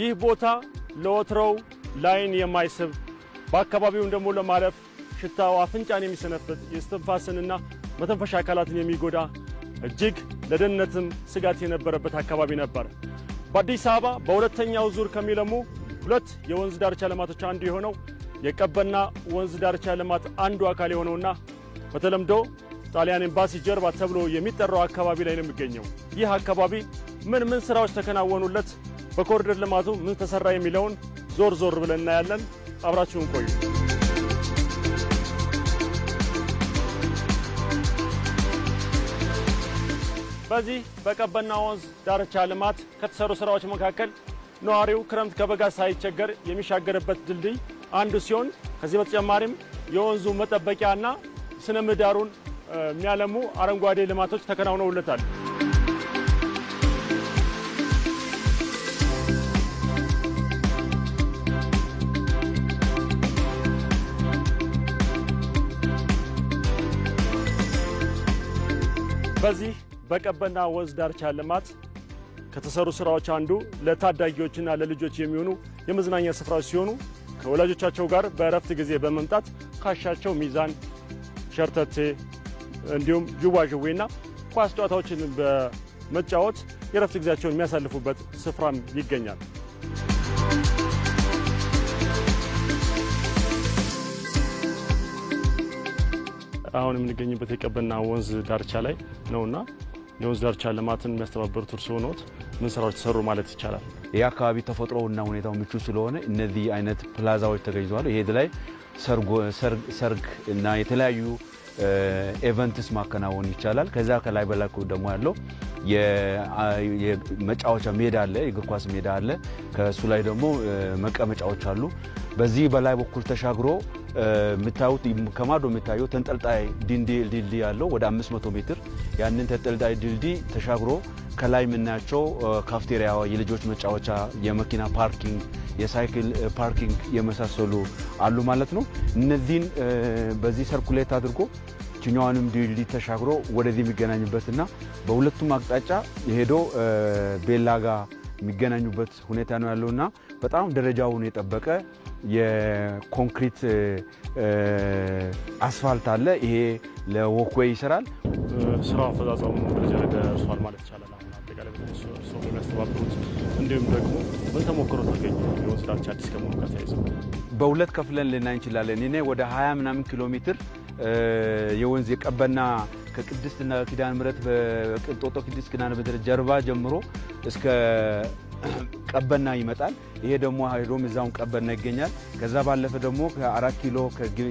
ይህ ቦታ ለወትሮው ላይን የማይስብ በአካባቢውም ደግሞ ለማለፍ ሽታው አፍንጫን የሚሰነፍጥ የስትንፋስንና መተንፈሻ አካላትን የሚጎዳ እጅግ ለደህንነትም ስጋት የነበረበት አካባቢ ነበር። በአዲስ አበባ በሁለተኛው ዙር ከሚለሙ ሁለት የወንዝ ዳርቻ ልማቶች አንዱ የሆነው የቀበና ወንዝ ዳርቻ ልማት አንዱ አካል የሆነውና በተለምዶ ጣሊያን ኤምባሲ ጀርባ ተብሎ የሚጠራው አካባቢ ላይ ነው የሚገኘው። ይህ አካባቢ ምን ምን ስራዎች ተከናወኑለት? በኮሪደር ልማቱ ምን ተሰራ የሚለውን ዞር ዞር ብለን እናያለን። አብራችሁን ቆዩ። በዚህ በቀበና ወንዝ ዳርቻ ልማት ከተሰሩ ስራዎች መካከል ነዋሪው ክረምት ከበጋ ሳይቸገር የሚሻገርበት ድልድይ አንዱ ሲሆን ከዚህ በተጨማሪም የወንዙ መጠበቂያና ስነ ምህዳሩን የሚያለሙ አረንጓዴ ልማቶች ተከናውነውለታል። በዚህ በቀበና ወንዝ ዳርቻ ልማት ከተሰሩ ስራዎች አንዱ ለታዳጊዎችና ለልጆች የሚሆኑ የመዝናኛ ስፍራዎች ሲሆኑ ከወላጆቻቸው ጋር በእረፍት ጊዜ በመምጣት ካሻቸው፣ ሚዛን፣ ሸርተቴ እንዲሁም ዥዋዥዌና ኳስ ጨዋታዎችን በመጫወት የእረፍት ጊዜያቸውን የሚያሳልፉበት ስፍራም ይገኛል። አሁን የምንገኝበት የቀበና ወንዝ ዳርቻ ላይ ነውና የወንዝ ዳርቻ ልማትን የሚያስተባበሩት እርስዎ ኖት። ምን ስራዎች ተሰሩ ማለት ይቻላል? ይህ አካባቢ ተፈጥሮና ሁኔታው ምቹ ስለሆነ እነዚህ አይነት ፕላዛዎች ተገኝተዋል። ይሄ ላይ ሰርግ እና የተለያዩ ኤቨንትስ ማከናወን ይቻላል። ከዚያ ከላይ በላኩ ደግሞ ያለው የመጫወቻ ሜዳ አለ፣ የእግር ኳስ ሜዳ አለ። ከእሱ ላይ ደግሞ መቀመጫዎች አሉ። በዚህ በላይ በኩል ተሻግሮ የምታዩት ከማዶ የሚታየው ተንጠልጣይ ድልድይ ያለው ወደ 500 ሜትር ያንን ተንጠልጣይ ድልድይ ተሻግሮ ከላይ የምናያቸው ካፍቴሪያ፣ የልጆች መጫወቻ፣ የመኪና ፓርኪንግ፣ የሳይክል ፓርኪንግ የመሳሰሉ አሉ ማለት ነው። እነዚህን በዚህ ሰርኩሌት አድርጎ ችኛዋንም ድልድይ ተሻግሮ ወደዚህ የሚገናኝበትና በሁለቱም አቅጣጫ የሄዶ ቤላ የሚገናኙበት ሁኔታ ነው ያለውና በጣም ደረጃውን የጠበቀ የኮንክሪት አስፋልት አለ። ይሄ ለወክዌይ ይሰራል። ስራ አፈጻጸሙ ደረጃ ላይ ደርሷል ማለት ይቻላል። አሁን አጠቃላይ ሰው የሚያስተባብሩት እንዲሁም ደግሞ ምን ተሞክሮ ተገኘ የወንዝ ዳርቻ አዲስ ከመሆኑ ጋር ተያይዘው በሁለት ከፍለን ልናይ እንችላለን። እኔ ወደ 20 ምናምን ኪሎ ሜትር የወንዝ የቀበና ከቅድስትና ኪዳነ ምሕረት በቅንጦጦ ቅድስት ኪዳነ ምሕረት ጀርባ ጀምሮ እስከ ቀበና ይመጣል። ይሄ ደግሞ ሄዶም እዛውን ቀበና ይገኛል። ከዛ ባለፈ ደግሞ ከአራት ኪሎ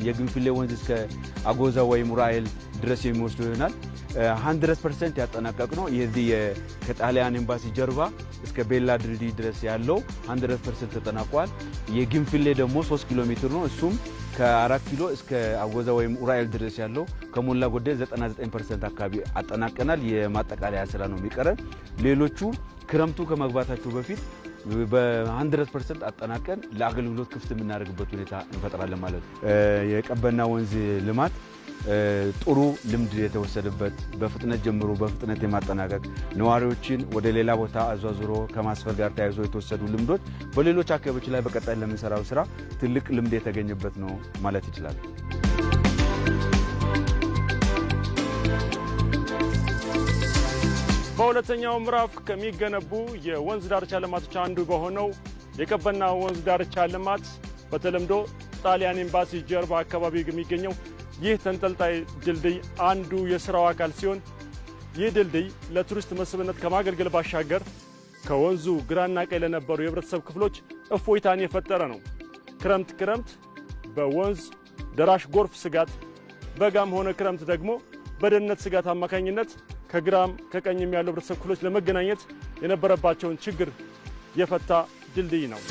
የግንፍሌ ወንዝ እስከ አጎዛ ወይም ራኤል ድረስ የሚወስዱ ይሆናል። 100 ፐርሰንት ያጠናቀቅ ነው። የዚህ ከጣሊያን ኤምባሲ ጀርባ እስከ ቤላ ድልድይ ድረስ ያለው 100 ፐርሰንት ተጠናቋል። የግንፍሌ ደግሞ ሶስት ኪሎ ሜትር ነው። እሱም ከአራት ኪሎ እስከ አወዛ ወይም ኡራኤል ድረስ ያለው ከሞላ ጎደል 99 ፐርሰንት አካባቢ አጠናቀናል። የማጠቃለያ ስራ ነው የሚቀረ። ሌሎቹ ክረምቱ ከመግባታቸው በፊት በ100 ፐርሰንት አጠናቀን ለአገልግሎት ክፍት የምናደርግበት ሁኔታ እንፈጥራለን ማለት ነው። የቀበና ወንዝ ልማት ጥሩ ልምድ የተወሰደበት በፍጥነት ጀምሮ በፍጥነት የማጠናቀቅ ነዋሪዎችን ወደ ሌላ ቦታ አዟዙሮ ከማስፈር ጋር ተያይዞ የተወሰዱ ልምዶች በሌሎች አካባቢዎች ላይ በቀጣይ ለምንሰራው ስራ ትልቅ ልምድ የተገኘበት ነው ማለት ይችላል። በሁለተኛው ምዕራፍ ከሚገነቡ የወንዝ ዳርቻ ልማቶች አንዱ በሆነው የቀበና ወንዝ ዳርቻ ልማት በተለምዶ ጣሊያን ኤምባሲ ጀርባ አካባቢ የሚገኘው ይህ ተንጠልጣይ ድልድይ አንዱ የሥራው አካል ሲሆን ይህ ድልድይ ለቱሪስት መስህብነት ከማገልገል ባሻገር ከወንዙ ግራና ቀኝ ለነበሩ የህብረተሰብ ክፍሎች እፎይታን የፈጠረ ነው። ክረምት ክረምት በወንዝ ደራሽ ጎርፍ ስጋት፣ በጋም ሆነ ክረምት ደግሞ በደህንነት ስጋት አማካኝነት ከግራም ከቀኝም ያሉ ህብረተሰብ ክፍሎች ለመገናኘት የነበረባቸውን ችግር የፈታ ድልድይ ነው።